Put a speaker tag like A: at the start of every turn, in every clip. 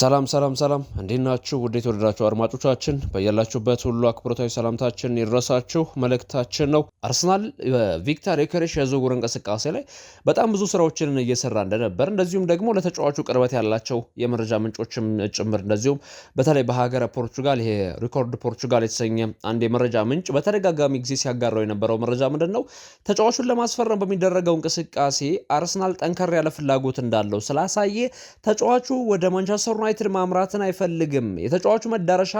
A: ሰላም ሰላም ሰላም፣ እንዴት ናችሁ? ውድ የተወደዳችሁ አድማጮቻችን በያላችሁበት ሁሉ አክብሮታዊ ሰላምታችን ይድረሳችሁ መልእክታችን ነው። አርሰናል በቪክተር ዮኬሬሽ የዝውውር እንቅስቃሴ ላይ በጣም ብዙ ስራዎችን እየሰራ እንደነበር እንደዚሁም ደግሞ ለተጫዋቹ ቅርበት ያላቸው የመረጃ ምንጮችም ጭምር እንደዚሁም በተለይ በሀገረ ፖርቹጋል ይሄ ሪኮርድ ፖርቹጋል የተሰኘ አንድ የመረጃ ምንጭ በተደጋጋሚ ጊዜ ሲያጋራው የነበረው መረጃ ምንድን ነው? ተጫዋቹን ለማስፈረም በሚደረገው እንቅስቃሴ አርሰናል ጠንከር ያለ ፍላጎት እንዳለው ስላሳየ ተጫዋቹ ወደ ማንቸስተር ዩናይትድ ማምራትን አይፈልግም። የተጫዋቹ መዳረሻ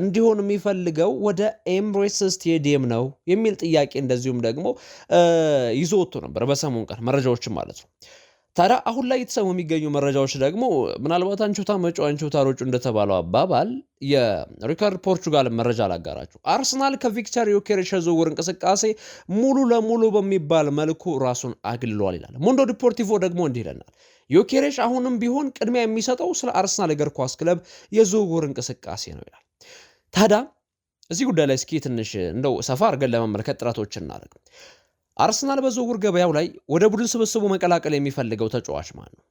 A: እንዲሆን የሚፈልገው ወደ ኤምሬትስ ስቴዲየም ነው የሚል ጥያቄ እንደዚሁም ደግሞ ይዞ ወጥቶ ነበር በሰሞኑ ቀን መረጃዎችን ማለት ነው። ታዲያ አሁን ላይ የተሰሙ የሚገኙ መረጃዎች ደግሞ ምናልባት አንቾታ መጮ አንቾታ ሮጩ እንደተባለው አባባል የሪከርድ ፖርቹጋልን መረጃ አላጋራችሁ። አርሰናል ከቪክተር ዮኬሬሽ ዝውውር እንቅስቃሴ ሙሉ ለሙሉ በሚባል መልኩ ራሱን አግልሏል ይላል። ሞንዶ ዲፖርቲቮ ደግሞ እንዲህ ይለናል። ዮኬሬሽ አሁንም ቢሆን ቅድሚያ የሚሰጠው ስለ አርሰናል እግር ኳስ ክለብ የዝውውር እንቅስቃሴ ነው ይላል። ታዲያ እዚህ ጉዳይ ላይ እስኪ ትንሽ እንደው ሰፋ አድርገን ለመመልከት ጥረቶች እናደርግ። አርሰናል በዝውውር ገበያው ላይ ወደ ቡድን ስብስቡ መቀላቀል የሚፈልገው ተጫዋች ማን ነው?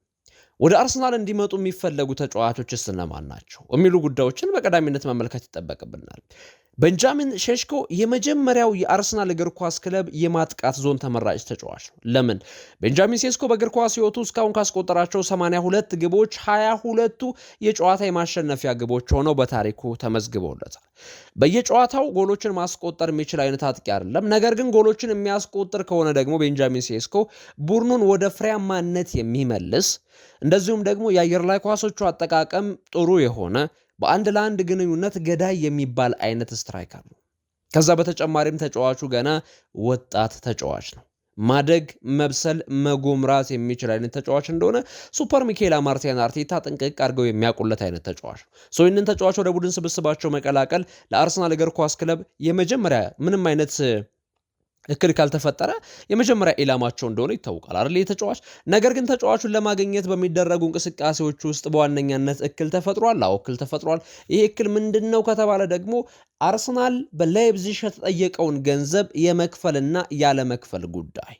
A: ወደ አርሰናል እንዲመጡ የሚፈለጉ ተጫዋቾች እነማን ናቸው? የሚሉ ጉዳዮችን በቀዳሚነት መመልከት ይጠበቅብናል። ቤንጃሚን ሸሽኮ የመጀመሪያው የአርሰናል እግር ኳስ ክለብ የማጥቃት ዞን ተመራጭ ተጫዋች ነው። ለምን? ቤንጃሚን ሴስኮ በእግር ኳስ ሕይወቱ እስካሁን ካስቆጠራቸው 82 ግቦች 22ቱ የጨዋታ የማሸነፊያ ግቦች ሆነው በታሪኩ ተመዝግበውለታል። በየጨዋታው ጎሎችን ማስቆጠር የሚችል አይነት አጥቂ አይደለም። ነገር ግን ጎሎችን የሚያስቆጥር ከሆነ ደግሞ ቤንጃሚን ሴስኮ ቡድኑን ወደ ፍሬያማነት የሚመልስ እንደዚሁም ደግሞ የአየር ላይ ኳሶቹ አጠቃቀም ጥሩ የሆነ በአንድ ለአንድ ግንኙነት ገዳይ የሚባል አይነት ስትራይከር ነው። ከዛ በተጨማሪም ተጫዋቹ ገና ወጣት ተጫዋች ነው። ማደግ፣ መብሰል፣ መጎምራት የሚችል አይነት ተጫዋች እንደሆነ ሱፐር ሚኬላ ማርቲያን አርቴታ ጥንቅቅ አድርገው የሚያውቁለት አይነት ተጫዋች ነው። ሶ ይህንን ተጫዋች ወደ ቡድን ስብስባቸው መቀላቀል ለአርሰናል እግር ኳስ ክለብ የመጀመሪያ ምንም አይነት እክል ካልተፈጠረ የመጀመሪያ ኢላማቸው እንደሆነ ይታወቃል አይደል የተጫዋች ነገር ግን ተጫዋቹን ለማግኘት በሚደረጉ እንቅስቃሴዎች ውስጥ በዋነኛነት እክል ተፈጥሯል። አዎ እክል ተፈጥሯል። ይሄ እክል ምንድን ነው ከተባለ ደግሞ አርሰናል በላይፕዚሽ የተጠየቀውን ገንዘብ የመክፈልና ያለመክፈል ጉዳይ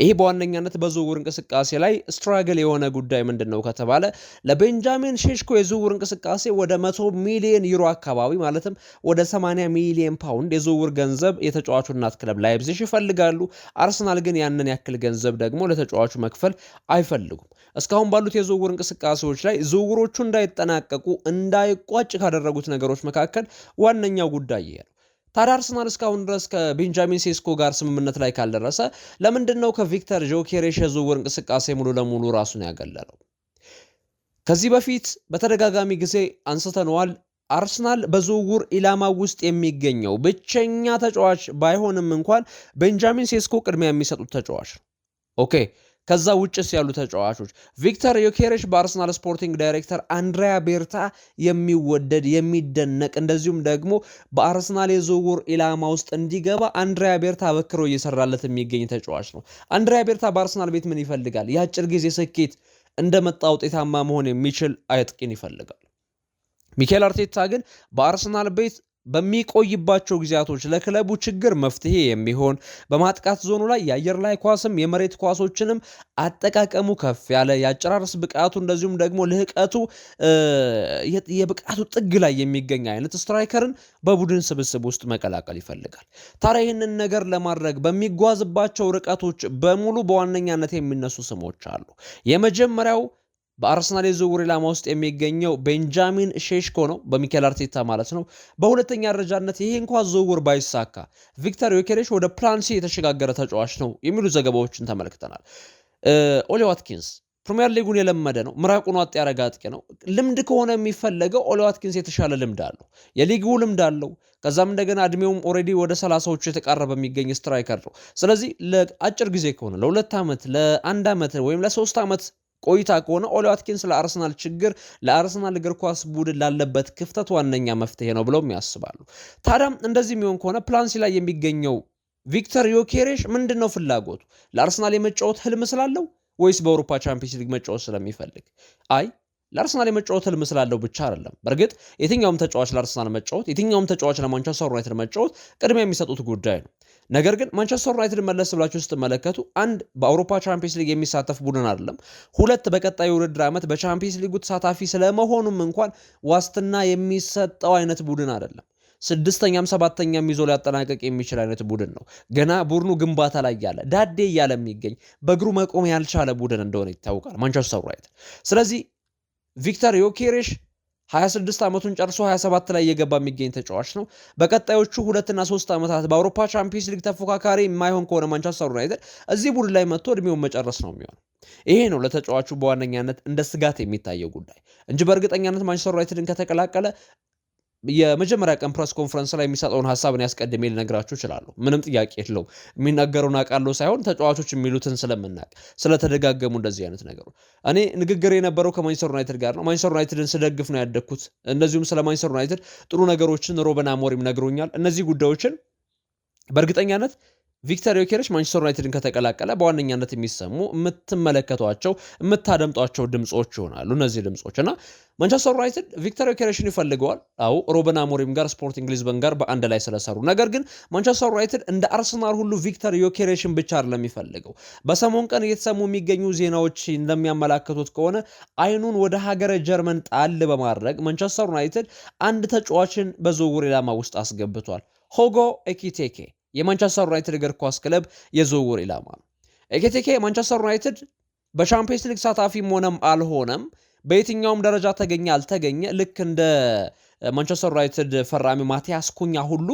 A: ይሄ በዋነኛነት በዝውውር እንቅስቃሴ ላይ ስትራግል የሆነ ጉዳይ ምንድን ነው ከተባለ ለቤንጃሚን ሼሽኮ የዝውውር እንቅስቃሴ ወደ መቶ ሚሊዮን ዩሮ አካባቢ ማለትም ወደ 80 ሚሊዮን ፓውንድ የዝውውር ገንዘብ የተጫዋቹ እናት ክለብ ላይፕዚግ ይፈልጋሉ። አርሰናል ግን ያንን ያክል ገንዘብ ደግሞ ለተጫዋቹ መክፈል አይፈልጉም። እስካሁን ባሉት የዝውውር እንቅስቃሴዎች ላይ ዝውውሮቹ እንዳይጠናቀቁ እንዳይቋጭ ካደረጉት ነገሮች መካከል ዋነኛው ጉዳይ ይሄ ነው። ታዲያ አርሰናል እስካሁን ድረስ ከቤንጃሚን ሴስኮ ጋር ስምምነት ላይ ካልደረሰ ለምንድን ነው ከቪክተር ጆኬሬሽ የዝውውር እንቅስቃሴ ሙሉ ለሙሉ ራሱን ያገለለው? ከዚህ በፊት በተደጋጋሚ ጊዜ አንስተነዋል። አርሰናል በዝውውር ኢላማ ውስጥ የሚገኘው ብቸኛ ተጫዋች ባይሆንም እንኳን ቤንጃሚን ሴስኮ ቅድሚያ የሚሰጡት ተጫዋች ነው። ኦኬ ከዛ ውጭስ ያሉ ተጫዋቾች ቪክተር ዮኬሬሽ በአርሰናል ስፖርቲንግ ዳይሬክተር አንድሪያ ቤርታ የሚወደድ የሚደነቅ እንደዚሁም ደግሞ በአርሰናል የዝውውር ኢላማ ውስጥ እንዲገባ አንድሪያ ቤርታ በክሮ እየሰራለት የሚገኝ ተጫዋች ነው። አንድሪያ ቤርታ በአርሰናል ቤት ምን ይፈልጋል? የአጭር ጊዜ ስኬት እንደመጣ ውጤታማ መሆን የሚችል አጥቂን ይፈልጋል። ሚኬል አርቴታ ግን በአርሰናል ቤት በሚቆይባቸው ጊዜያቶች ለክለቡ ችግር መፍትሄ የሚሆን በማጥቃት ዞኑ ላይ የአየር ላይ ኳስም የመሬት ኳሶችንም አጠቃቀሙ ከፍ ያለ የአጨራረስ ብቃቱ እንደዚሁም ደግሞ ልህቀቱ የብቃቱ ጥግ ላይ የሚገኝ አይነት ስትራይከርን በቡድን ስብስብ ውስጥ መቀላቀል ይፈልጋል። ታዲያ ይህንን ነገር ለማድረግ በሚጓዝባቸው ርቀቶች በሙሉ በዋነኛነት የሚነሱ ስሞች አሉ። የመጀመሪያው በአርሰናል የዝውውር ኢላማ ውስጥ የሚገኘው ቤንጃሚን ሼሽኮ ነው፣ በሚኬል አርቴታ ማለት ነው። በሁለተኛ ደረጃነት ይሄ እንኳ ዝውውር ባይሳካ ቪክተር ዮኬሬሽ ወደ ፕላንሲ የተሸጋገረ ተጫዋች ነው የሚሉ ዘገባዎችን ተመልክተናል። ኦሊ ዋትኪንስ ፕሪሚየር ሊጉን የለመደ ነው። ምራቁን ዋጥ ያረጋ አጥቂ ነው። ልምድ ከሆነ የሚፈለገው ኦሊ ዋትኪንስ የተሻለ ልምድ አለው፣ የሊጉ ልምድ አለው። ከዛም እንደገና እድሜውም ኦልሬዲ ወደ ሰላሳዎቹ የተቃረበ የሚገኝ ስትራይከር ነው። ስለዚህ ለአጭር ጊዜ ከሆነ ለሁለት ዓመት ለአንድ ዓመት ወይም ለሶስት ዓመት ቆይታ ከሆነ ኦሊ ዋትኪንስ ለአርሰናል ችግር ለአርሰናል እግር ኳስ ቡድን ላለበት ክፍተት ዋነኛ መፍትሄ ነው ብለውም ያስባሉ። ታዲያም እንደዚህ የሚሆን ከሆነ ፕላንሲ ላይ የሚገኘው ቪክተር ዮኬሬሽ ምንድን ነው ፍላጎቱ? ለአርሰናል የመጫወት ህልም ስላለው ወይስ በአውሮፓ ቻምፒየንስ ሊግ መጫወት ስለሚፈልግ? አይ ለአርሰናል የመጫወት ህልም ስላለው ብቻ አይደለም። በእርግጥ የትኛውም ተጫዋች ለአርሰናል መጫወት፣ የትኛውም ተጫዋች ለማንቸስተር ዩናይትድ መጫወት ቅድሚያ የሚሰጡት ጉዳይ ነው። ነገር ግን ማንቸስተር ዩናይትድ መለስ ብላችሁ ስትመለከቱ አንድ በአውሮፓ ቻምፒየንስ ሊግ የሚሳተፍ ቡድን አይደለም፣ ሁለት በቀጣይ ውድድር ዓመት በቻምፒየንስ ሊጉ ተሳታፊ ስለመሆኑም እንኳን ዋስትና የሚሰጠው አይነት ቡድን አይደለም። ስድስተኛም ሰባተኛም ይዞ ሊያጠናቀቅ የሚችል አይነት ቡድን ነው። ገና ቡድኑ ግንባታ ላይ ያለ ዳዴ እያለ የሚገኝ በእግሩ መቆም ያልቻለ ቡድን እንደሆነ ይታወቃል ማንቸስተር ዩናይትድ። ስለዚህ ቪክተር ዮኬሬሽ 26 ዓመቱን ጨርሶ 27 ላይ እየገባ የሚገኝ ተጫዋች ነው። በቀጣዮቹ ሁለትና ሶስት ዓመታት በአውሮፓ ቻምፒየንስ ሊግ ተፎካካሪ የማይሆን ከሆነ ማንቸስተር ዩናይትድ እዚህ ቡድን ላይ መጥቶ እድሜውን መጨረስ ነው የሚሆነው። ይሄ ነው ለተጫዋቹ በዋነኛነት እንደ ስጋት የሚታየው ጉዳይ እንጂ በእርግጠኛነት ማንቸስተር ዩናይትድን ከተቀላቀለ የመጀመሪያ ቀን ፕሬስ ኮንፈረንስ ላይ የሚሰጠውን ሀሳብን ያስቀድሜ ልነግራችሁ እችላለሁ። ምንም ጥያቄ የለውም። የሚናገረውን አውቃለሁ ሳይሆን ተጫዋቾች የሚሉትን ስለምናቅ ስለተደጋገሙ እንደዚህ አይነት ነገሩ እኔ ንግግር የነበረው ከማንቸስተር ዩናይትድ ጋር ነው። ማንቸስተር ዩናይትድን ስደግፍ ነው ያደግኩት። እንደዚሁም ስለ ማንቸስተር ዩናይትድ ጥሩ ነገሮችን ሮበን አሞሪም ነግሮኛል። እነዚህ ጉዳዮችን በእርግጠኛነት ቪክተር ዮኬሬሽ ማንቸስተር ዩናይትድን ከተቀላቀለ በዋነኛነት የሚሰሙ የምትመለከቷቸው የምታደምጧቸው ድምፆች ይሆናሉ። እነዚህ ድምፆች እና ማንቸስተር ዩናይትድ ቪክተር ዮኬሬሽን ይፈልገዋል። አዎ ሮበን አሞሪም ጋር ስፖርቲንግ ሊዝበን ጋር በአንድ ላይ ስለሰሩ። ነገር ግን ማንቸስተር ዩናይትድ እንደ አርሰናል ሁሉ ቪክተር ዮኬሬሽን ብቻ አይደለም የሚፈልገው። በሰሞን ቀን እየተሰሙ የሚገኙ ዜናዎች እንደሚያመላክቱት ከሆነ አይኑን ወደ ሀገረ ጀርመን ጣል በማድረግ ማንቸስተር ዩናይትድ አንድ ተጫዋችን በዝውውር ኢላማ ውስጥ አስገብቷል። ሆጎ ኤኪቴኬ የማንቸስተር ዩናይትድ እግር ኳስ ክለብ የዝውውር ኢላማ ነው። ኤኬቴኬ ማንቸስተር ዩናይትድ በቻምፒየንስ ሊግ ሳታፊም ሆነም አልሆነም በየትኛውም ደረጃ ተገኘ አልተገኘ ልክ እንደ ማንቸስተር ዩናይትድ ፈራሚ ማቲያስ ኩኛ ሁሉ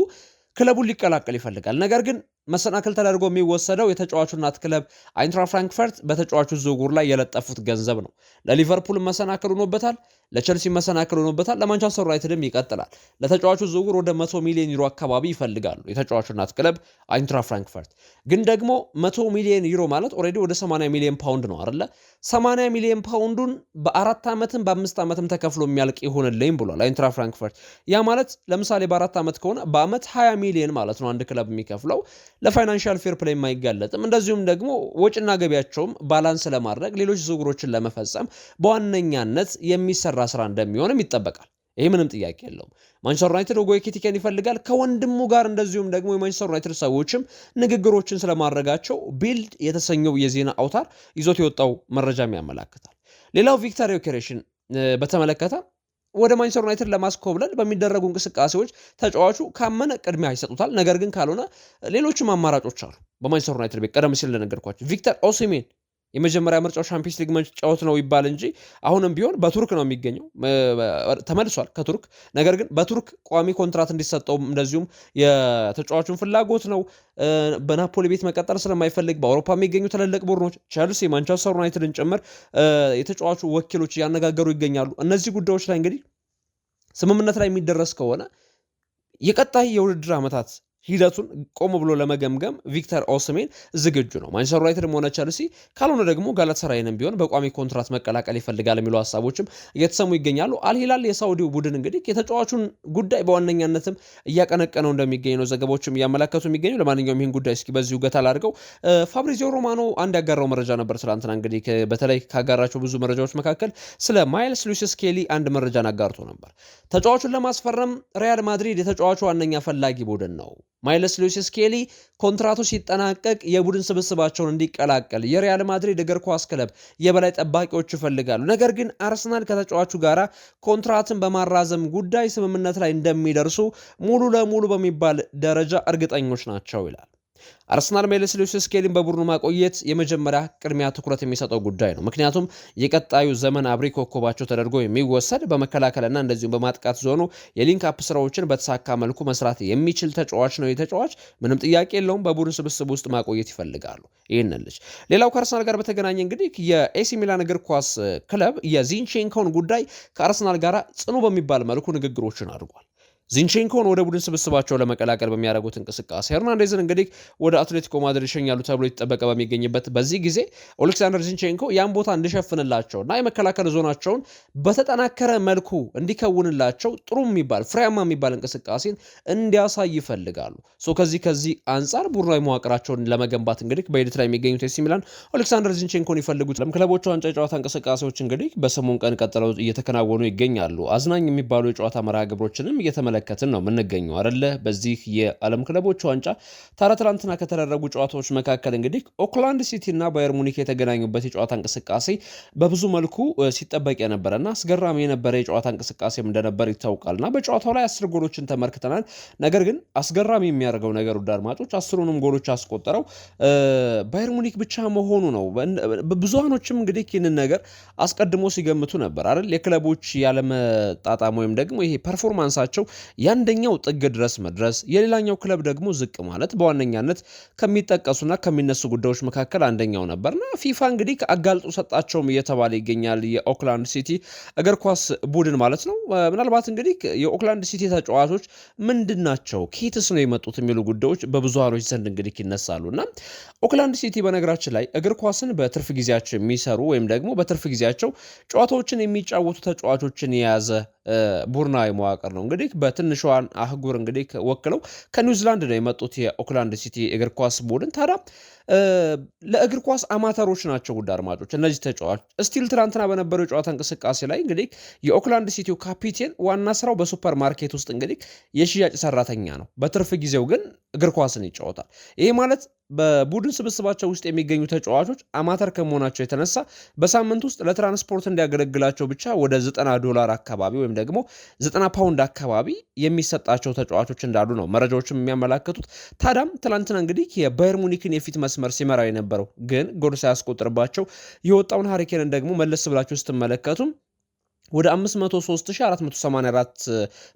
A: ክለቡን ሊቀላቀል ይፈልጋል። ነገር ግን መሰናክል ተደርጎ የሚወሰደው የተጫዋቹ እናት ክለብ አይንትራ ፍራንክፈርት በተጫዋቹ ዝውውር ላይ የለጠፉት ገንዘብ ነው። ለሊቨርፑል መሰናክል ሆኖበታል፣ ለቸልሲ መሰናክል ሆኖበታል፣ ለማንቸስተር ዩናይትድም ይቀጥላል። ለተጫዋቹ ዝውውር ወደ 100 ሚሊዮን ዩሮ አካባቢ ይፈልጋሉ የተጫዋቹ እናት ክለብ አይንትራ ፍራንክፈርት። ግን ደግሞ 100 ሚሊዮን ዩሮ ማለት ኦልሬዲ ወደ 80 ሚሊዮን ፓውንድ ነው አይደለ? 80 ሚሊዮን ፓውንዱን በአራት ዓመትም በአምስት ዓመትም ተከፍሎ የሚያልቅ ይሆንልኝ ብሏል አይንትራ ፍራንክፈርት። ያ ማለት ለምሳሌ በአራት ዓመት ከሆነ በአመት 20 ሚሊዮን ማለት ነው አንድ ክለብ የሚከፍለው ለፋይናንሻል ፌር ፕላይ የማይጋለጥም እንደዚሁም ደግሞ ወጪና ገቢያቸውም ባላንስ ለማድረግ ሌሎች ዝውውሮችን ለመፈጸም በዋነኛነት የሚሰራ ስራ እንደሚሆንም ይጠበቃል። ይህ ምንም ጥያቄ የለውም። ማንቸስተር ዩናይትድ ኦጎ ኤኪቲኬን ይፈልጋል። ከወንድሙ ጋር እንደዚሁም ደግሞ የማንቸስተር ዩናይትድ ሰዎችም ንግግሮችን ስለማድረጋቸው ቢልድ የተሰኘው የዜና አውታር ይዞት የወጣው መረጃም ያመላክታል። ሌላው ቪክተር ዮኬሬሽን በተመለከተ ወደ ማንቸስተር ዩናይትድ ለማስኮብለል በሚደረጉ እንቅስቃሴዎች ተጫዋቹ ካመነ ቅድሚያ ይሰጡታል። ነገር ግን ካልሆነ ሌሎችም አማራጮች አሉ በማንቸስተር ዩናይትድ ቤት ቀደም ሲል እንደነገርኳቸው ቪክተር ኦሲሜን የመጀመሪያ ምርጫው ሻምፒዮንስ ሊግ መጫወት ነው ይባል እንጂ አሁንም ቢሆን በቱርክ ነው የሚገኘው። ተመልሷል ከቱርክ ነገር ግን በቱርክ ቋሚ ኮንትራት እንዲሰጠው እንደዚሁም የተጫዋቹን ፍላጎት ነው። በናፖሊ ቤት መቀጠል ስለማይፈልግ በአውሮፓ የሚገኙ ትልልቅ ቡድኖች ቼልሲ ማንቸስተር ዩናይትድን ጭምር የተጫዋቹ ወኪሎች እያነጋገሩ ይገኛሉ። እነዚህ ጉዳዮች ላይ እንግዲህ ስምምነት ላይ የሚደረስ ከሆነ የቀጣይ የውድድር ዓመታት ሂደቱን ቆም ብሎ ለመገምገም ቪክተር ኦስሜን ዝግጁ ነው። ማንቸስተር ዩናይትድ ሆነ ቸልሲ ካልሆነ ደግሞ ጋላታሳራይንም ቢሆን በቋሚ ኮንትራት መቀላቀል ይፈልጋል የሚሉ ሀሳቦችም እየተሰሙ ይገኛሉ። አልሂላል የሳውዲው ቡድን እንግዲህ የተጫዋቹን ጉዳይ በዋነኛነትም እያቀነቀነው እንደሚገኝ ነው ዘገባዎችም እያመለከቱ የሚገኙ። ለማንኛውም ይህን ጉዳይ እስኪ በዚሁ ገታ ላድርገው። ፋብሪዚዮ ሮማኖ አንድ ያጋራው መረጃ ነበር ትላንትና። እንግዲህ በተለይ ካጋራቸው ብዙ መረጃዎች መካከል ስለ ማይልስ ሉዊስ ኬሊ አንድ መረጃን አጋርቶ ነበር። ተጫዋቹን ለማስፈረም ሪያል ማድሪድ የተጫዋቹ ዋነኛ ፈላጊ ቡድን ነው ማይልስ ሉዊስ ስኬሊ ኮንትራቱ ሲጠናቀቅ የቡድን ስብስባቸውን እንዲቀላቀል የሪያል ማድሪድ እግር ኳስ ክለብ የበላይ ጠባቂዎች ይፈልጋሉ። ነገር ግን አርሰናል ከተጫዋቹ ጋር ኮንትራትን በማራዘም ጉዳይ ስምምነት ላይ እንደሚደርሱ ሙሉ ለሙሉ በሚባል ደረጃ እርግጠኞች ናቸው ይላል። አርሰናል ማይልስ ሉዊስ ስኬሊን በቡድኑ ማቆየት የመጀመሪያ ቅድሚያ ትኩረት የሚሰጠው ጉዳይ ነው። ምክንያቱም የቀጣዩ ዘመን አብሪ ኮከባቸው ተደርጎ የሚወሰድ በመከላከልና እንደዚሁም በማጥቃት ዞኑ የሊንክ አፕ ስራዎችን በተሳካ መልኩ መስራት የሚችል ተጫዋች ነው። የተጫዋች ምንም ጥያቄ የለውም። በቡድን ስብስብ ውስጥ ማቆየት ይፈልጋሉ ይህንን ልጅ። ሌላው ከአርሰናል ጋር በተገናኘ እንግዲህ የኤሲ ሚላን እግር ኳስ ክለብ የዚንቼንኮን ጉዳይ ከአርሰናል ጋር ጽኑ በሚባል መልኩ ንግግሮችን አድርጓል። ዚንቼንኮን ወደ ቡድን ስብስባቸው ለመቀላቀል በሚያደርጉት እንቅስቃሴ ሄርናንዴዝን እንግዲህ ወደ አትሌቲኮ ማድሪድ ይሸኛሉ ተብሎ የተጠበቀ በሚገኝበት በዚህ ጊዜ ኦሌክሳንደር ዚንቼንኮ ያን ቦታ እንዲሸፍንላቸው እና የመከላከል ዞናቸውን በተጠናከረ መልኩ እንዲከውንላቸው ጥሩ የሚባል ፍሬያማ የሚባል እንቅስቃሴን እንዲያሳይ ይፈልጋሉ። ከዚህ ከዚህ አንጻር ቡድናዊ መዋቅራቸውን ለመገንባት እንግዲህ በሂደት ላይ የሚገኙት ኤሲ ሚላን ኦሌክሳንደር ዚንቼንኮን ይፈልጉት ክለቦቹ ዋንጫ የጨዋታ እንቅስቃሴዎች እንግዲህ በሰሞኑ ቀን ቀጥለው እየተከናወኑ ይገኛሉ። አዝናኝ የሚባሉ የጨዋታ መርሃ ግብሮችንም እየተመለ እየተመለከትን ነው የምንገኘው አደለ? በዚህ የዓለም ክለቦች ዋንጫ ታዲያ ከተደረጉ ጨዋታዎች መካከል እንግዲህ ኦክላንድ ሲቲ እና ባየር ሙኒክ የተገናኙበት የጨዋታ እንቅስቃሴ በብዙ መልኩ ሲጠበቅ የነበረና አስገራሚ የነበረ የጨዋታ እንቅስቃሴም እንደነበር ይታወቃል እና በጨዋታው ላይ አስር ጎሎችን ተመልክተናል። ነገር ግን አስገራሚ የሚያደርገው ነገር ውድ አድማጮች አስሩንም ጎሎች ያስቆጠረው ባየር ሙኒክ ብቻ መሆኑ ነው። ብዙሃኖችም እንግዲህ ይህንን ነገር አስቀድሞ ሲገምቱ ነበር አይደል? የክለቦች ያለመጣጣም ወይም ደግሞ ይሄ ፐርፎርማንሳቸው የአንደኛው ጥግ ድረስ መድረስ፣ የሌላኛው ክለብ ደግሞ ዝቅ ማለት በዋነኛነት ከሚጠቀሱና ከሚነሱ ጉዳዮች መካከል አንደኛው ነበርና ፊፋ እንግዲህ አጋልጦ ሰጣቸውም እየተባለ ይገኛል። የኦክላንድ ሲቲ እግር ኳስ ቡድን ማለት ነው። ምናልባት እንግዲህ የኦክላንድ ሲቲ ተጫዋቾች ምንድን ናቸው፣ ነው የመጡት የሚሉ ጉዳዮች በብዙሃኖች ዘንድ እንግዲህ ይነሳሉ እና ኦክላንድ ሲቲ በነገራችን ላይ እግር ኳስን በትርፍ ጊዜያቸው የሚሰሩ ወይም ደግሞ በትርፍ ጊዜያቸው ጨዋታዎችን የሚጫወቱ ተጫዋቾችን የያዘ ቡድናዊ መዋቅር ነው እንግዲህ በትንሿን አህጉር እንግዲህ ወክለው ከኒውዚላንድ ነው የመጡት የኦክላንድ ሲቲ እግር ኳስ ቡድን ታዲያ ለእግር ኳስ አማተሮች ናቸው። ውድ አድማጮች እነዚህ ተጫዋች ስቲል ትናንትና በነበረው የጨዋታ እንቅስቃሴ ላይ እንግዲህ የኦክላንድ ሲቲው ካፒቴን ዋና ስራው በሱፐር ማርኬት ውስጥ እንግዲህ የሽያጭ ሰራተኛ ነው። በትርፍ ጊዜው ግን እግር ኳስን ይጫወታል። ይህ ማለት በቡድን ስብስባቸው ውስጥ የሚገኙ ተጫዋቾች አማተር ከመሆናቸው የተነሳ በሳምንት ውስጥ ለትራንስፖርት እንዲያገለግላቸው ብቻ ወደ ዘጠና ዶላር አካባቢ ወይም ደግሞ ዘጠና ፓውንድ አካባቢ የሚሰጣቸው ተጫዋቾች እንዳሉ ነው መረጃዎችም የሚያመላክቱት። ታዳም ትላንትና እንግዲህ የባየር ሙኒክን የፊት መስመር ሲመራ የነበረው ግን ጎል ሳያስቆጥርባቸው የወጣውን ሀሪኬንን ደግሞ መለስ ብላችሁ ስትመለከቱም ወደ 503484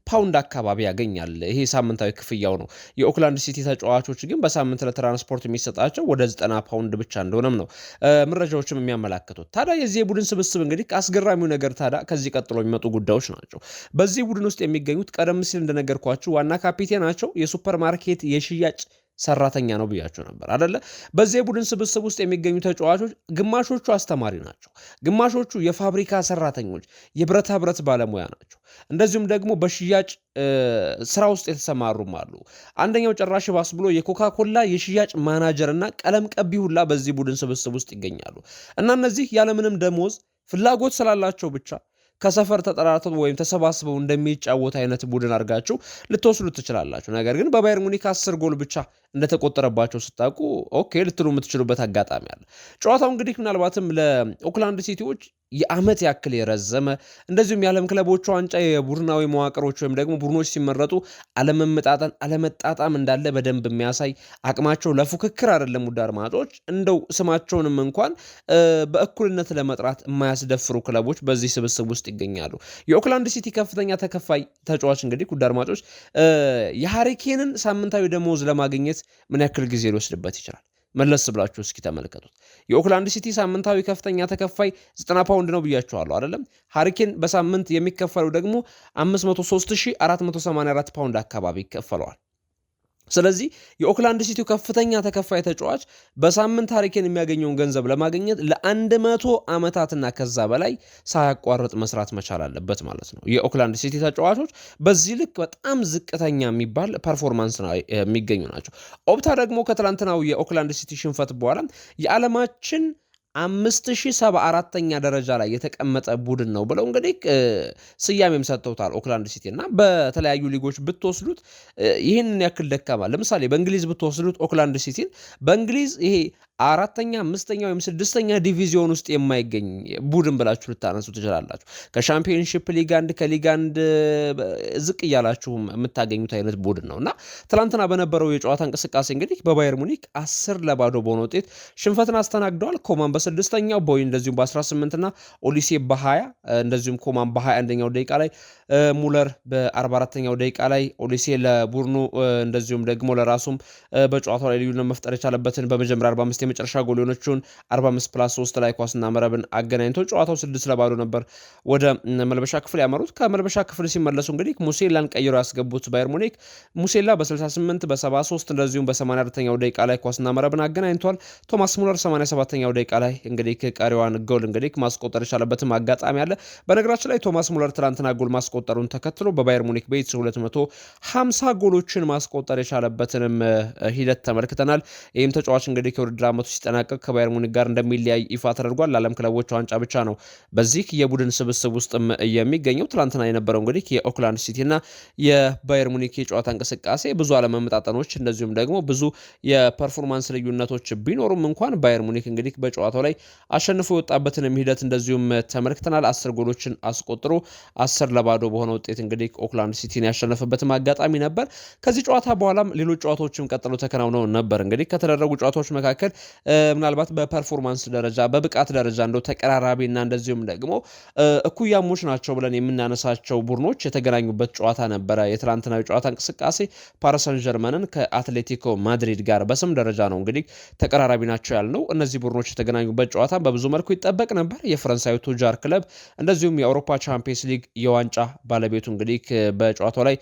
A: ፓውንድ አካባቢ ያገኛል። ይሄ ሳምንታዊ ክፍያው ነው። የኦክላንድ ሲቲ ተጫዋቾች ግን በሳምንት ለትራንስፖርት የሚሰጣቸው ወደ 90 ፓውንድ ብቻ እንደሆነም ነው መረጃዎችም የሚያመላክቱት። ታዲያ የዚህ ቡድን ስብስብ እንግዲህ አስገራሚው ነገር ታዲያ ከዚህ ቀጥሎ የሚመጡ ጉዳዮች ናቸው። በዚህ ቡድን ውስጥ የሚገኙት ቀደም ሲል እንደነገርኳችሁ ዋና ካፒቴናቸው የሱፐርማርኬት የሽያጭ ሰራተኛ ነው ብያቸው ነበር አደለ? በዚህ የቡድን ስብስብ ውስጥ የሚገኙ ተጫዋቾች ግማሾቹ አስተማሪ ናቸው፣ ግማሾቹ የፋብሪካ ሰራተኞች፣ የብረታ ብረት ባለሙያ ናቸው። እንደዚሁም ደግሞ በሽያጭ ስራ ውስጥ የተሰማሩም አሉ። አንደኛው ጭራሽ ባስ ብሎ የኮካኮላ የሽያጭ ማናጀር እና ቀለም ቀቢ ሁላ በዚህ ቡድን ስብስብ ውስጥ ይገኛሉ እና እነዚህ ያለምንም ደሞዝ ፍላጎት ስላላቸው ብቻ ከሰፈር ተጠራርተው ወይም ተሰባስበው እንደሚጫወት አይነት ቡድን አድርጋችሁ ልትወስዱ ትችላላችሁ። ነገር ግን በባየር ሙኒክ አስር ጎል ብቻ እንደተቆጠረባቸው ስታውቁ ኦኬ ልትሉ የምትችሉበት አጋጣሚ አለ። ጨዋታው እንግዲህ ምናልባትም ለኦክላንድ ሲቲዎች የዓመት ያክል የረዘመ እንደዚሁም የዓለም ክለቦች ዋንጫ የቡድናዊ መዋቅሮች ወይም ደግሞ ቡድኖች ሲመረጡ አለመመጣጠን፣ አለመጣጣም እንዳለ በደንብ የሚያሳይ አቅማቸው ለፉክክር አይደለም። ውድ አድማጮች እንደው ስማቸውንም እንኳን በእኩልነት ለመጥራት የማያስደፍሩ ክለቦች በዚህ ስብስብ ውስጥ ይገኛሉ። የኦክላንድ ሲቲ ከፍተኛ ተከፋይ ተጫዋች እንግዲህ ውድ አድማጮች የሃሪኬንን ሳምንታዊ ደሞዝ ለማግኘት ምን ያክል ጊዜ ሊወስድበት ይችላል? መለስ ብላችሁ እስኪ ተመልከቱት። የኦክላንድ ሲቲ ሳምንታዊ ከፍተኛ ተከፋይ 90 ፓውንድ ነው ብያችኋለሁ አይደለም? ሃሪኬን በሳምንት የሚከፈለው ደግሞ 503484 ፓውንድ አካባቢ ይከፈለዋል። ስለዚህ የኦክላንድ ሲቲው ከፍተኛ ተከፋይ ተጫዋች በሳምንት ታሪክን የሚያገኘውን ገንዘብ ለማግኘት ለአንድ መቶ ዓመታትና ከዛ በላይ ሳያቋርጥ መስራት መቻል አለበት ማለት ነው። የኦክላንድ ሲቲ ተጫዋቾች በዚህ ልክ በጣም ዝቅተኛ የሚባል ፐርፎርማንስ የሚገኙ ናቸው። ኦፕታ ደግሞ ከትላንትናው የኦክላንድ ሲቲ ሽንፈት በኋላ የዓለማችን አምስት ሺህ ሰባ አራተኛ ደረጃ ላይ የተቀመጠ ቡድን ነው ብለው እንግዲህ ስያሜም ሰጥተውታል ኦክላንድ ሲቲ እና በተለያዩ ሊጎች ብትወስዱት ይህንን ያክል ደካማ ለምሳሌ በእንግሊዝ ብትወስዱት ኦክላንድ ሲቲን በእንግሊዝ ይሄ አራተኛ፣ አምስተኛ ወይም ስድስተኛ ዲቪዚዮን ውስጥ የማይገኝ ቡድን ብላችሁ ልታነሱ ትችላላችሁ። ከሻምፒዮንሽፕ ሊግ አንድ ከሊግ አንድ ዝቅ እያላችሁ የምታገኙት አይነት ቡድን ነው እና ትላንትና በነበረው የጨዋታ እንቅስቃሴ እንግዲህ በባየር ሙኒክ አስር ለባዶ በሆነ ውጤት ሽንፈትን አስተናግደዋል። ኮማን በስድስተኛው ቦይ እንደዚሁም በ18 እና ኦሊሴ በ20 እንደዚሁም ኮማን በ 21 ደቂቃ ላይ ሙለር በ44ኛው ደቂቃ ላይ ኦሊሴ ለቡድኑ እንደዚሁም ደግሞ ለራሱም በጨዋታው ላይ ልዩነት መፍጠር የቻለበትን በመጀመሪያ 45 የመጨረሻ ጎል የሆነችውን 45 ፕላስ 3 ላይ ኳስና መረብን አገናኝቶ ጨዋታው ስድስት ለባዶ ነበር ወደ መልበሻ ክፍል ያመሩት። ከመልበሻ ክፍል ሲመለሱ እንግዲህ ሙሴላን ቀይሮ ያስገቡት ባየር ሙኒክ ሙሴላ በ68 በ73 እንደዚሁም በ84ኛው ደቂቃ ላይ ኳስና መረብን አገናኝቷል። ቶማስ ሙለር 87ኛው ደቂቃ ላይ እንግዲህ ቀሪዋን ጎል እንግዲህ ማስቆጠር የቻለበትም አጋጣሚ አለ። በነገራችን ላይ ቶማስ ሙለር ትላንትና ጎል ማስቆጠሩን ተከትሎ በባየር ሙኒክ ቤት 250 ጎሎችን ማስቆጠር የቻለበትንም ሂደት ተመልክተናል። ይህም ተጫዋች እንግዲህ ከውድድር ዓመቱ ሲጠናቀቅ ከባየር ሙኒክ ጋር እንደሚለያይ ይፋ ተደርጓል። ለዓለም ክለቦች ዋንጫ ብቻ ነው በዚህ የቡድን ስብስብ ውስጥም የሚገኘው። ትናንትና የነበረው እንግዲህ የኦክላንድ ሲቲና የባየር ሙኒክ የጨዋታ እንቅስቃሴ ብዙ አለመመጣጠኖች እንደዚሁም ደግሞ ብዙ የፐርፎርማንስ ልዩነቶች ቢኖሩም እንኳን ባየር ሙኒክ እንግዲህ በጨዋታው ላይ አሸንፎ የወጣበትንም ሂደት እንደዚሁም ተመልክተናል። አስር ጎሎችን አስቆጥሮ አስር ለባዶ በሆነ ውጤት እንግዲህ ኦክላንድ ሲቲን ያሸነፈበትም አጋጣሚ ነበር። ከዚህ ጨዋታ በኋላም ሌሎች ጨዋታዎችም ቀጥሎ ተከናውነው ነበር። እንግዲህ ከተደረጉ ጨዋታዎች መካከል ምናልባት በፐርፎርማንስ ደረጃ በብቃት ደረጃ እንደው ተቀራራቢና እንደዚሁም ደግሞ እኩያሞች ናቸው ብለን የምናነሳቸው ቡድኖች የተገናኙበት ጨዋታ ነበረ። የትላንትናዊ ጨዋታ እንቅስቃሴ ፓሪሰን ጀርመንን ከአትሌቲኮ ማድሪድ ጋር በስም ደረጃ ነው እንግዲህ ተቀራራቢ ናቸው ያልነው። እነዚህ ቡድኖች የተገናኙበት ጨዋታ በብዙ መልኩ ይጠበቅ ነበር። የፈረንሳዊ ቱጃር ክለብ እንደዚሁም የአውሮፓ ቻምፒየንስ ሊግ የዋንጫ ባለቤቱ እንግዲህ በጨዋታው ላይ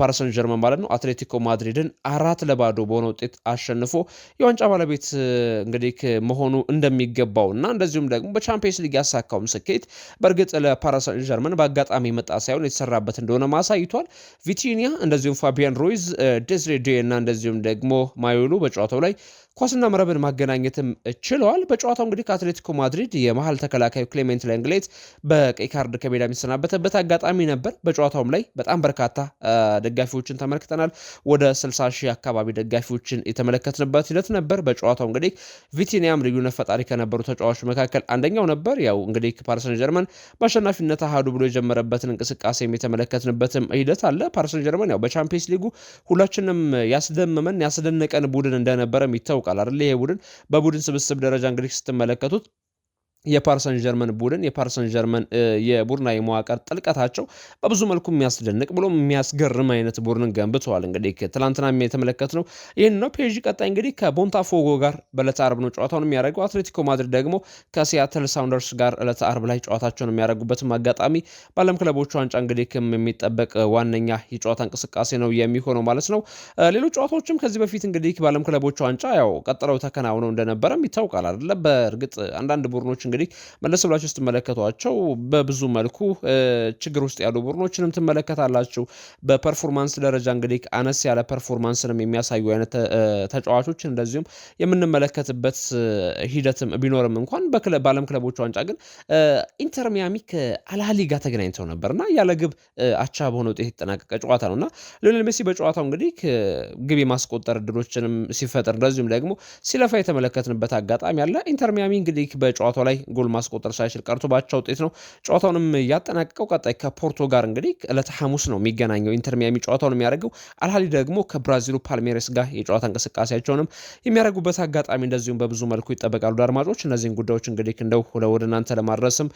A: ፓሪሰን ጀርመን ማለት ነው አትሌቲኮ ማድሪድን አራት ለባዶ በሆነ ውጤት አሸንፎ የዋንጫ ባለቤት እንግዲህ መሆኑ እንደሚገባው እና እንደዚሁም ደግሞ በቻምፒየንስ ሊግ ያሳካውም ስኬት በእርግጥ ለፓራሳን ጀርመን በአጋጣሚ መጣ ሳይሆን የተሰራበት እንደሆነ ማሳይቷል። ቪቲኒያ እንደዚሁም ፋቢያን ሮይዝ፣ ዴዝሬ ዴ እና እንደዚሁም ደግሞ ማዩሉ በጨዋታው ላይ ኳስና መረብን ማገናኘትም ችለዋል። በጨዋታው እንግዲህ ከአትሌቲኮ ማድሪድ የመሀል ተከላካዩ ክሌሜንት ላንግሌት በቀይ ካርድ ከሜዳ የሚሰናበተበት አጋጣሚ ነበር። በጨዋታውም ላይ በጣም በርካታ ደጋፊዎችን ተመልክተናል። ወደ 60 ሺህ አካባቢ ደጋፊዎችን የተመለከትንበት ሂደት ነበር። በጨዋታው እንግዲህ ቪቲኒያም ልዩነት ፈጣሪ ከነበሩ ተጫዋቾች መካከል አንደኛው ነበር። ያው እንግዲህ ፓሪሰን ጀርመን በአሸናፊነት አሃዱ ብሎ የጀመረበትን እንቅስቃሴም የተመለከትንበትም ሂደት አለ። ፓሪሰን ጀርመን ያው በቻምፒየንስ ሊጉ ሁላችንም ያስደመመን ያስደነቀን ቡድን እንደነበረም ይታወ ያውቃል አይደል? ይሄ ቡድን በቡድን ስብስብ ደረጃ እንግዲህ ስትመለከቱት የፓርሰን ጀርመን ቡድን የፓርሰን ጀርመን የቡድናዊ መዋቅር ጥልቀታቸው በብዙ መልኩ የሚያስደንቅ ብሎ የሚያስገርም አይነት ቡድንን ገንብተዋል። እንግዲህ ትላንትና የተመለከት ነው ይህን ነው። ፔዥ ቀጣይ እንግዲህ ከቦንታፎጎ ጋር በዕለተ አርብ ነው ጨዋታውን የሚያደርገው። አትሌቲኮ ማድሪድ ደግሞ ከሲያትል ሳውንደርስ ጋር ዕለተ አርብ ላይ ጨዋታቸውን የሚያደርጉበትም አጋጣሚ በዓለም ክለቦች ዋንጫ እንግዲህ የሚጠበቅ ዋነኛ የጨዋታ እንቅስቃሴ ነው የሚሆነው ማለት ነው። ሌሎች ጨዋታዎችም ከዚህ በፊት እንግዲህ በዓለም ክለቦች ዋንጫ ያው ቀጥለው ተከናውነው እንደነበረም ይታውቃል አይደለ? በእርግጥ አንዳንድ ቡድኖች እንግዲህ መለስ ብላችሁ ስትመለከቷቸው በብዙ መልኩ ችግር ውስጥ ያሉ ቡድኖችንም ትመለከታላችሁ። በፐርፎርማንስ ደረጃ እንግዲህ አነስ ያለ ፐርፎርማንስንም የሚያሳዩ አይነት ተጫዋቾችን እንደዚሁም የምንመለከትበት ሂደትም ቢኖርም እንኳን በዓለም ክለቦች ዋንጫ ግን ኢንተር ሚያሚ ከአልአህሊ ጋር ተገናኝተው ነበር እና ያለ ግብ አቻ በሆነ ውጤት የተጠናቀቀ ጨዋታ ነው እና ሊዮኔል ሜሲ በጨዋታው እንግዲህ ግብ የማስቆጠር እድሎችንም ሲፈጥር እንደዚሁም ደግሞ ሲለፋ የተመለከትንበት አጋጣሚ አለ። ኢንተር ሚያሚ እንግዲህ በጨዋታው ላይ ጎል ማስቆጠር ሳይችል ቀርቶ ባቻ ውጤት ነው ጨዋታውንም ያጠናቀቀው። ቀጣይ ከፖርቶ ጋር እንግዲህ እለት ሐሙስ ነው የሚገናኘው ኢንተር ሚያሚ ጨዋታውን የሚያደርገው። አልሃሊ ደግሞ ከብራዚሉ ፓልሜሬስ ጋር የጨዋታ እንቅስቃሴያቸውንም የሚያደርጉበት አጋጣሚ እንደዚሁም በብዙ መልኩ ይጠበቃሉ። አድማጮች እነዚህን ጉዳዮች እንግዲህ እንደው ወደ እናንተ ለማድረስም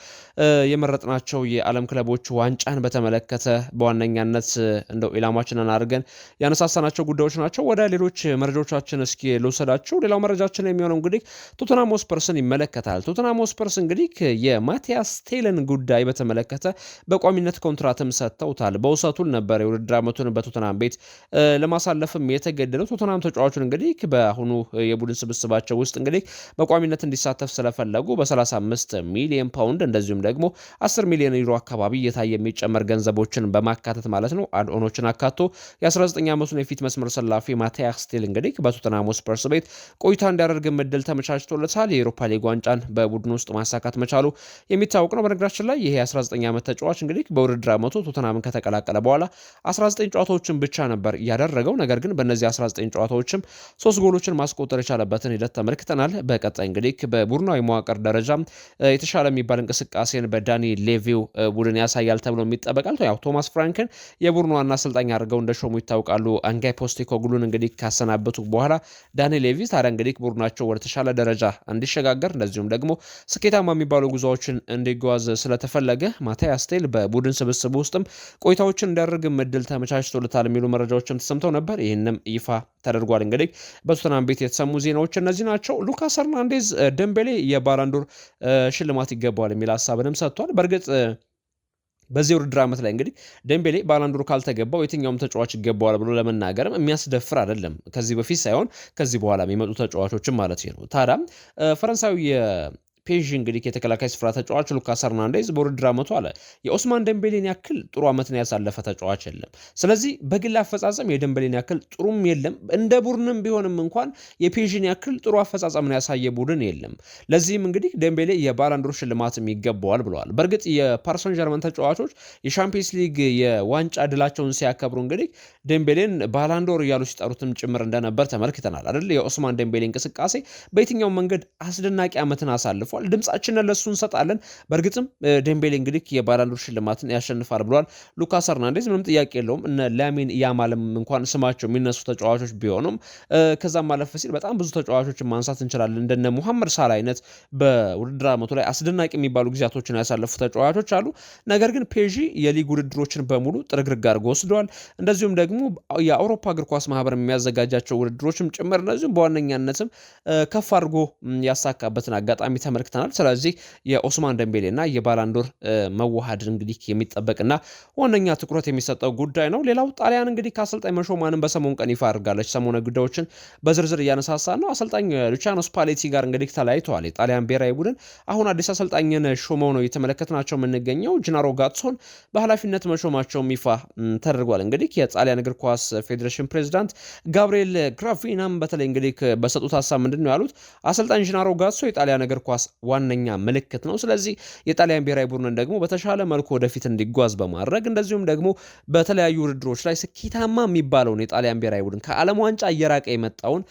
A: የመረጥናቸው የዓለም ክለቦች ዋንጫን በተመለከተ በዋነኛነት እንደው ኢላማችንን አድርገን ያነሳሳናቸው ጉዳዮች ናቸው። ወደ ሌሎች መረጃዎቻችን እስኪ ልውሰዳቸው። ሌላው መረጃችን የሚሆነው እንግዲህ ቶተናም ሆስፐርስን ይመለከታል። ቶተናም ስፐርስ እንግዲህ የማቲያስ ቴለን ጉዳይ በተመለከተ በቋሚነት ኮንትራትም ሰጥተውታል። በውሰቱን ነበር የውድድር ዓመቱን በቶተናም ቤት ለማሳለፍም የተገደለው። ቶተናም ተጫዋቹን እንግዲህ በአሁኑ የቡድን ስብስባቸው ውስጥ እንግዲህ በቋሚነት እንዲሳተፍ ስለፈለጉ በ35 ሚሊዮን ፓውንድ እንደዚሁም ደግሞ 10 ሚሊዮን ዩሮ አካባቢ እየታየ የሚጨመር ገንዘቦችን በማካተት ማለት ነው አድኦኖችን አካቶ የ19 ዓመቱን የፊት መስመር ሰላፊ ማቲያስ ቴል እንግዲህ በቶተናም ስፐርስ ቤት ቆይታ እንዲያደርግ ምድል ተመቻችቶለታል። የኤሮፓ ሊግ ዋንጫን በቡድን ውስጥ ውስጥ ማሳካት መቻሉ የሚታወቅ ነው። በነገራችን ላይ ይሄ 19 ዓመት ተጫዋች እንግዲህ በውድድር ዓመቱ ቶተናምን ከተቀላቀለ በኋላ 19 ጨዋታዎችን ብቻ ነበር ያደረገው። ነገር ግን በእነዚህ 19 ጨዋታዎችም ሶስት ጎሎችን ማስቆጠር የቻለበትን ሂደት ተመልክተናል። በቀጣይ እንግዲህ በቡድናዊ መዋቅር ደረጃ የተሻለ የሚባል እንቅስቃሴን በዳኒ ሌቪው ቡድን ያሳያል ተብሎ የሚጠበቃል። ያው ቶማስ ፍራንክን የቡድኑ ዋና አሰልጣኝ አድርገው እንደሾሙ ይታወቃሉ። አንጋይ ፖስቴኮግሉን እንግዲህ ካሰናበቱ በኋላ ዳኒ ሌቪ ታዲያ እንግዲህ ቡድናቸው ወደ ተሻለ ደረጃ እንዲሸጋገር እንደዚሁም ደግሞ ስኬታማ የሚባሉ ጉዞዎችን እንዲጓዝ ስለተፈለገ ማታያስ ቴል በቡድን ስብስብ ውስጥም ቆይታዎችን እንዲያደርግም እድል ተመቻችቶለታል የሚሉ መረጃዎችም ተሰምተው ነበር። ይህንም ይፋ ተደርጓል። እንግዲህ በቶተናም ቤት የተሰሙ ዜናዎች እነዚህ ናቸው። ሉካስ ሄርናንዴዝ ደምቤሌ የባላንዶር ሽልማት ይገባዋል የሚል ሀሳብንም ሰጥቷል። በእርግጥ በዚህ ውድድር ዓመት ላይ እንግዲህ ደምቤሌ ባላንዶር ካልተገባው የትኛውም ተጫዋች ይገባዋል ብሎ ለመናገርም የሚያስደፍር አይደለም። ከዚህ በፊት ሳይሆን ከዚህ በኋላ የሚመጡ ተጫዋቾችም ማለት ነው። ታዲያ ፈረንሳዊ ፔዥ እንግዲህ የተከላካይ ስፍራ ተጫዋች ሉካስ ሄርናንዴዝ በውድድር ዓመቱ አለ የኦስማን ደንቤሌን ያክል ጥሩ ዓመትን ያሳለፈ ተጫዋች የለም። ስለዚህ በግል አፈጻጸም የደንቤሌን ያክል ጥሩም የለም። እንደ ቡድንም ቢሆንም እንኳን የፔዥን ያክል ጥሩ አፈጻጸምን ያሳየ ቡድን የለም። ለዚህም እንግዲህ ደንቤሌ የባላንዶር ሽልማትም ይገባዋል ብለዋል። በእርግጥ የፓሪስ ጀርመን ተጫዋቾች የሻምፒየንስ ሊግ የዋንጫ ድላቸውን ሲያከብሩ እንግዲህ ደንቤሌን ባላንዶር እያሉ ሲጠሩትም ጭምር እንደነበር ተመልክተናል አይደል? የኦስማን ደንቤሌ እንቅስቃሴ በየትኛው መንገድ አስደናቂ ዓመትን አሳልፎ አሸንፏል። ድምፃችንን ለሱ እንሰጣለን። በእርግጥም ዴምቤሌ እንግዲህ የባላንዶር ሽልማትን ያሸንፋል ብሏል። ሉካስ ሄርናንዴዝ ምንም ጥያቄ የለውም። እነ ላሚን ያማልም እንኳን ስማቸው የሚነሱ ተጫዋቾች ቢሆኑም ከዛም ማለፍ ሲል በጣም ብዙ ተጫዋቾችን ማንሳት እንችላለን። እንደነ ሙሐመድ ሳላ አይነት በውድድር አመቱ ላይ አስደናቂ የሚባሉ ጊዜያቶችን ያሳለፉ ተጫዋቾች አሉ። ነገር ግን ፔዥ የሊግ ውድድሮችን በሙሉ ጥርግርግ አድርጎ ወስደዋል። እንደዚሁም ደግሞ የአውሮፓ እግር ኳስ ማህበር የሚያዘጋጃቸው ውድድሮችም ጭምር እነዚሁም በዋነኛነትም ከፍ አድርጎ ያሳካበትን አጋጣሚ ተመልክ ተመልክተናል። ስለዚህ የኦስማን ደንቤሌና የባላንዶር መዋሃድ እንግዲህ የሚጠበቅና ዋነኛ ትኩረት የሚሰጠው ጉዳይ ነው። ሌላው ጣሊያን እንግዲህ ከአሰልጣኝ መሾሟንም በሰሞን ቀን ይፋ አድርጋለች። ሰሞነ ጉዳዮችን በዝርዝር እያነሳሳ ነው። አሰልጣኝ ሉቻኖ ስፓሌቲ ጋር እንግዲህ ተለያይተዋል። የጣሊያን ብሔራዊ ቡድን አሁን አዲስ አሰልጣኝን ሾመው ነው የተመለከትናቸው የምንገኘው። ጂናሮ ጋትሶን በኃላፊነት መሾማቸውም ይፋ ተደርጓል። እንግዲህ የጣሊያን እግር ኳስ ፌዴሬሽን ፕሬዚዳንት ጋብርኤል ግራቪናም በተለይ እንግዲህ በሰጡት ሀሳብ ምንድን ነው ያሉት? አሰልጣኝ ጂናሮ ጋትሶ የጣሊያን እግር ኳስ ዋነኛ ምልክት ነው። ስለዚህ የጣሊያን ብሔራዊ ቡድንን ደግሞ በተሻለ መልኩ ወደፊት እንዲጓዝ በማድረግ እንደዚሁም ደግሞ በተለያዩ ውድድሮች ላይ ስኬታማ የሚባለውን የጣሊያን ብሔራዊ ቡድን ከዓለም ዋንጫ እየራቀ የመጣውን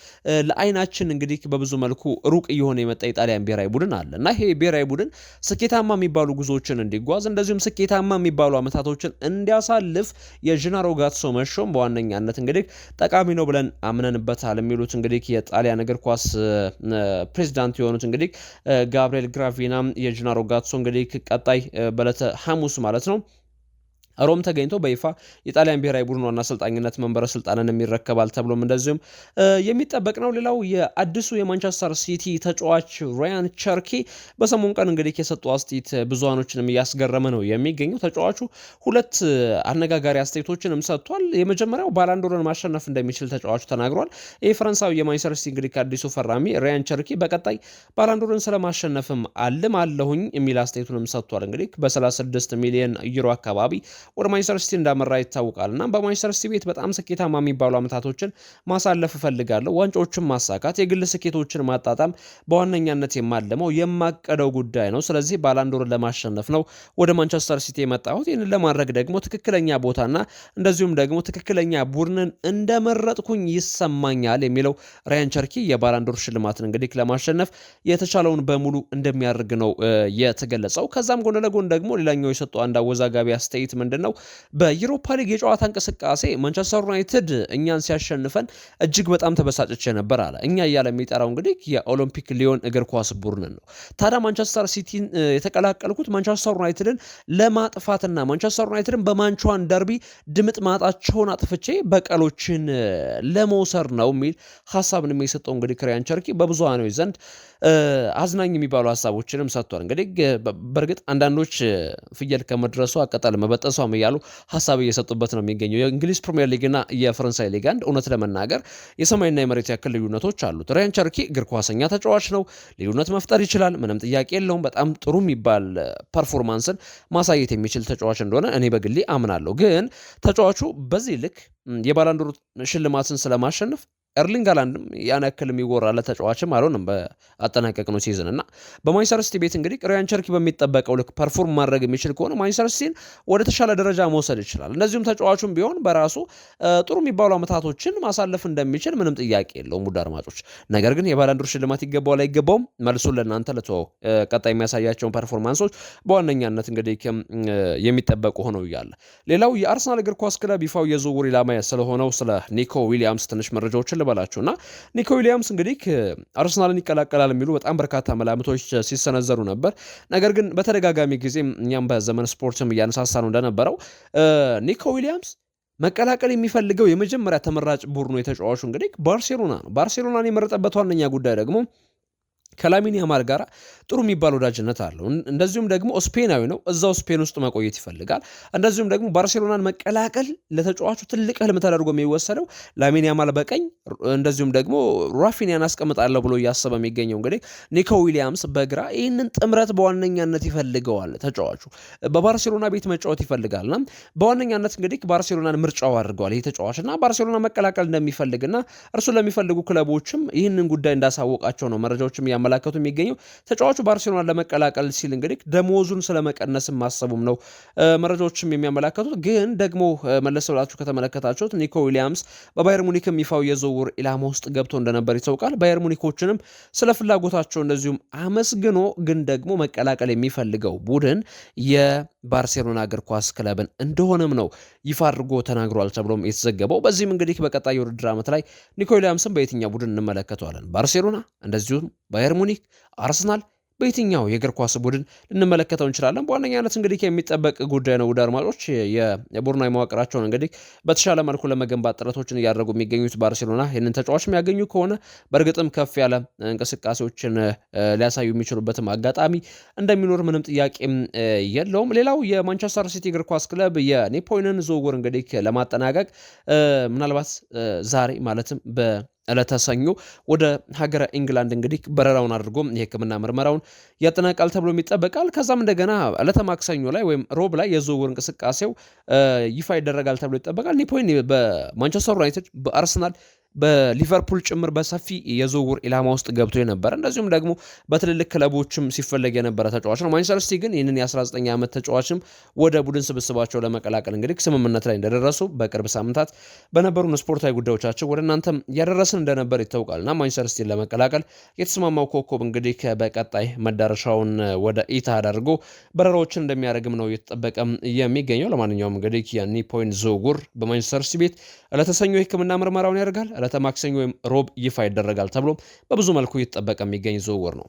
A: ለአይናችን እንግዲህ በብዙ መልኩ ሩቅ እየሆነ የመጣ የጣሊያን ብሔራዊ ቡድን አለ እና ይሄ ብሔራዊ ቡድን ስኬታማ የሚባሉ ጉዞዎችን እንዲጓዝ እንደዚሁም ስኬታማ የሚባሉ ዓመታቶችን እንዲያሳልፍ የጀናሮ ጋትሶ መሾም በዋነኛነት እንግዲህ ጠቃሚ ነው ብለን አምነንበታል የሚሉት እንግዲህ የጣሊያን እግር ኳስ ፕሬዚዳንት የሆኑት እንግዲህ ጋብርኤል ግራቪና የጅናሮ ጋትሶ እንግዲህ ቀጣይ በለተ ሐሙስ ማለት ነው ሮም ተገኝቶ በይፋ የጣሊያን ብሔራዊ ቡድን ዋና አሰልጣኝነት መንበረ ስልጣንን የሚረከባል ተብሎም እንደዚሁም የሚጠበቅ ነው። ሌላው የአዲሱ የማንቸስተር ሲቲ ተጫዋች ራያን ቸርኪ በሰሞኑ ቀን እንግዲህ የሰጡ አስጢት ብዙሃኖችንም እያስገረመ ነው የሚገኘው። ተጫዋቹ ሁለት አነጋጋሪ አስተያየቶችንም ሰጥቷል። የመጀመሪያው ባላንዶሮን ማሸነፍ እንደሚችል ተጫዋቹ ተናግሯል። የፈረንሳዊ የማንቸስተር ሲቲ እንግዲህ ከአዲሱ ፈራሚ ራያን ቸርኪ በቀጣይ ባላንዶሮን ስለማሸነፍም አልም አለሁኝ የሚል አስተያየቱንም ሰጥቷል። እንግዲህ በ36 ሚሊዮን ዩሮ አካባቢ ወደ ማንቸስተር ሲቲ እንዳመራ ይታወቃል። እና በማንቸስተር ሲቲ ቤት በጣም ስኬታማ የሚባሉ አመታቶችን ማሳለፍ እፈልጋለሁ። ዋንጫዎችን ማሳካት፣ የግል ስኬቶችን ማጣጣም በዋነኛነት የማለመው የማቀደው ጉዳይ ነው። ስለዚህ ባላንዶርን ለማሸነፍ ነው ወደ ማንቸስተር ሲቲ የመጣሁት። ይህንን ለማድረግ ደግሞ ትክክለኛ ቦታና እንደዚሁም ደግሞ ትክክለኛ ቡድንን እንደመረጥኩኝ ይሰማኛል የሚለው ራያን ቸርኪ የባላንዶር ሽልማትን እንግዲህ ለማሸነፍ የተቻለውን በሙሉ እንደሚያደርግ ነው የተገለጸው። ከዛም ጎን ለጎን ደግሞ ሌላኛው የሰጠው አንድ አወዛጋቢ አስተያየት ምንድ ምንድን ነው በዩሮፓ ሊግ የጨዋታ እንቅስቃሴ ማንቸስተር ዩናይትድ እኛን ሲያሸንፈን እጅግ በጣም ተበሳጭቼ ነበር አለ። እኛ እያለ የሚጠራው እንግዲህ የኦሎምፒክ ሊዮን እግር ኳስ ቡድንን ነው። ታዲያ ማንቸስተር ሲቲን የተቀላቀልኩት ማንቸስተር ዩናይትድን ለማጥፋትና ማንቸስተር ዩናይትድን በማንቸዋን ደርቢ ድምጥ ማጣቸውን አጥፍቼ በቀሎችን ለመውሰር ነው የሚል ሀሳብን የሚሰጠው እንግዲህ ክሪያን ቸርኪ በብዙሃኖች ዘንድ አዝናኝ የሚባሉ ሀሳቦችንም ሰጥቷል። እንግዲህ በእርግጥ አንዳንዶች ፍየል ከመድረሱ ቅጠል መበጠሱ አይጥፋም እያሉ ሀሳብ እየሰጡበት ነው የሚገኘው። የእንግሊዝ ፕሪምየር ሊግና የፈረንሳይ ሊግ አንድ እውነት ለመናገር የሰማይና የመሬት ያክል ልዩነቶች አሉት። ራያን ቸርኪ እግር ኳሰኛ ተጫዋች ነው፣ ልዩነት መፍጠር ይችላል፣ ምንም ጥያቄ የለውም። በጣም ጥሩ የሚባል ፐርፎርማንስን ማሳየት የሚችል ተጫዋች እንደሆነ እኔ በግሌ አምናለሁ። ግን ተጫዋቹ በዚህ ልክ የባላንዶር ሽልማትን ስለማሸነፍ ኤርሊንግ ሃላንድም ያን ያክል የሚወራ ለተጫዋችም አልሆነም በአጠናቀቅ ነው ሲዝን እና በማንቸስተር ሲቲ ቤት እንግዲህ ሪያን ቸርኪ በሚጠበቀው ልክ ፐርፎርም ማድረግ የሚችል ከሆነ ማንቸስተር ሲቲን ወደ ተሻለ ደረጃ መውሰድ ይችላል። እንደዚሁም ተጫዋቹም ቢሆን በራሱ ጥሩ የሚባሉ አመታቶችን ማሳለፍ እንደሚችል ምንም ጥያቄ የለውም። ውድ አድማጮች፣ ነገር ግን የባላንዶር ሽልማት ይገባው ላይ ይገባውም መልሱን ለእናንተ ልተወው። ቀጣይ የሚያሳያቸውን ፐርፎርማንሶች በዋነኛነት እንግዲህ የሚጠበቁ ሆነው እያለ ሌላው የአርሰናል እግር ኳስ ክለብ ይፋው የዝውውር ኢላማ ስለሆነው ስለ ኒኮ ዊሊያምስ ትንሽ መረጃዎችን ልበላችሁ እና ኒኮ ዊሊያምስ እንግዲህ አርሰናልን ይቀላቀላል የሚሉ በጣም በርካታ መላምቶች ሲሰነዘሩ ነበር። ነገር ግን በተደጋጋሚ ጊዜ እኛም በዘመን ስፖርትም እያነሳሳ ነው እንደነበረው ኒኮ ዊሊያምስ መቀላቀል የሚፈልገው የመጀመሪያ ተመራጭ ቡድኑ የተጫዋቹ እንግዲህ ባርሴሎና ነው። ባርሴሎናን የመረጠበት ዋነኛ ጉዳይ ደግሞ ከላሚን ያማል ጋር ጥሩ የሚባል ወዳጅነት አለው። እንደዚሁም ደግሞ ስፔናዊ ነው፣ እዛው ስፔን ውስጥ መቆየት ይፈልጋል። እንደዚሁም ደግሞ ባርሴሎናን መቀላቀል ለተጫዋቹ ትልቅ ህልም ተደርጎ የሚወሰደው ላሚን ያማል በቀኝ እንደዚሁም ደግሞ ራፊኒያን አስቀምጣለሁ ብሎ እያሰበ የሚገኘው እንግዲህ ኒኮ ዊሊያምስ በግራ ይህንን ጥምረት በዋነኛነት ይፈልገዋል። ተጫዋቹ በባርሴሎና ቤት መጫወት ይፈልጋልና በዋነኛነት እንግዲህ ባርሴሎናን ምርጫው አድርገዋል ይህ ተጫዋች እና ባርሴሎና መቀላቀል እንደሚፈልግና እርሱ ለሚፈልጉ ክለቦችም ይህንን ጉዳይ እንዳሳወቃቸው ነው መረጃዎችም እያመላከቱ የሚገኘው ተጫዋቹ ባርሴሎና ለመቀላቀል ሲል እንግዲህ ደሞዙን ስለመቀነስ ማሰቡም ነው መረጃዎችም የሚያመላከቱት። ግን ደግሞ መለስ ብላችሁ ከተመለከታችሁት ኒኮ ዊሊያምስ በባየር ሙኒክም ይፋው የዝውውር ኢላማ ውስጥ ገብቶ እንደነበር ይታወቃል። ባየር ሙኒኮችንም ስለ ፍላጎታቸው እንደዚሁም አመስግኖ ግን ደግሞ መቀላቀል የሚፈልገው ቡድን የባርሴሎና እግር ኳስ ክለብን እንደሆነም ነው ይፋ አድርጎ ተናግሯል ተብሎም የተዘገበው። በዚህም እንግዲህ በቀጣይ የውድድር ዓመት ላይ ኒኮ ዊሊያምስን በየትኛው ቡድን እንመለከተዋለን? ባርሴሎና እንደዚሁም ባየር ባየር ሙኒክ፣ አርሰናል በየትኛው የእግር ኳስ ቡድን ልንመለከተው እንችላለን? በዋነኛነት እንግዲህ የሚጠበቅ ጉዳይ ነው። ውድ አድማጮች የቡድናዊ መዋቅራቸውን እንግዲህ በተሻለ መልኩ ለመገንባት ጥረቶችን እያደረጉ የሚገኙት ባርሴሎና ይህንን ተጫዋች የሚያገኙ ከሆነ በእርግጥም ከፍ ያለ እንቅስቃሴዎችን ሊያሳዩ የሚችሉበትም አጋጣሚ እንደሚኖር ምንም ጥያቄም የለውም። ሌላው የማንቸስተር ሲቲ እግር ኳስ ክለብ የኔፖይንን ዝውውር እንግዲህ ለማጠናቀቅ ምናልባት ዛሬ ማለትም በ ዕለተ ሰኞ ወደ ሀገረ ኢንግላንድ እንግዲህ በረራውን አድርጎ የሕክምና ምርመራውን ያጠናቃል ተብሎ ይጠበቃል። ከዛም እንደገና ዕለተ ማክሰኞ ላይ ወይም ሮብ ላይ የዝውውር እንቅስቃሴው ይፋ ይደረጋል ተብሎ ይጠበቃል። ኒፖይን በማንቸስተር ዩናይትድ፣ በአርሰናል በሊቨርፑል ጭምር በሰፊ የዝውውር ኢላማ ውስጥ ገብቶ የነበረ እንደዚሁም ደግሞ በትልልቅ ክለቦችም ሲፈለግ የነበረ ተጫዋች ነው። ማንቸስተር ሲቲ ግን ይህንን የ19 ዓመት ተጫዋችም ወደ ቡድን ስብስባቸው ለመቀላቀል እንግዲህ ስምምነት ላይ እንደደረሱ በቅርብ ሳምንታት በነበሩን ስፖርታዊ ጉዳዮቻቸው ወደ እናንተም ያደረስን እንደነበር ይታወቃል እና ማንቸስተር ሲቲን ለመቀላቀል የተስማማው ኮከብ እንግዲህ በቀጣይ መዳረሻውን ወደ ኢታ አድርጎ በረራዎችን እንደሚያደርግም ነው እየተጠበቀ የሚገኘው። ለማንኛውም እንግዲህ የኒፖይን ዝውውር በማንቸስተር ሲቲ ቤት ለተሰኞ ህክምና ምርመራውን ያደርጋል። ዕለተ ማክሰኞ ወይም ሮብ ይፋ ይደረጋል ተብሎ በብዙ መልኩ እየተጠበቀ የሚገኝ ዝውውር ነው።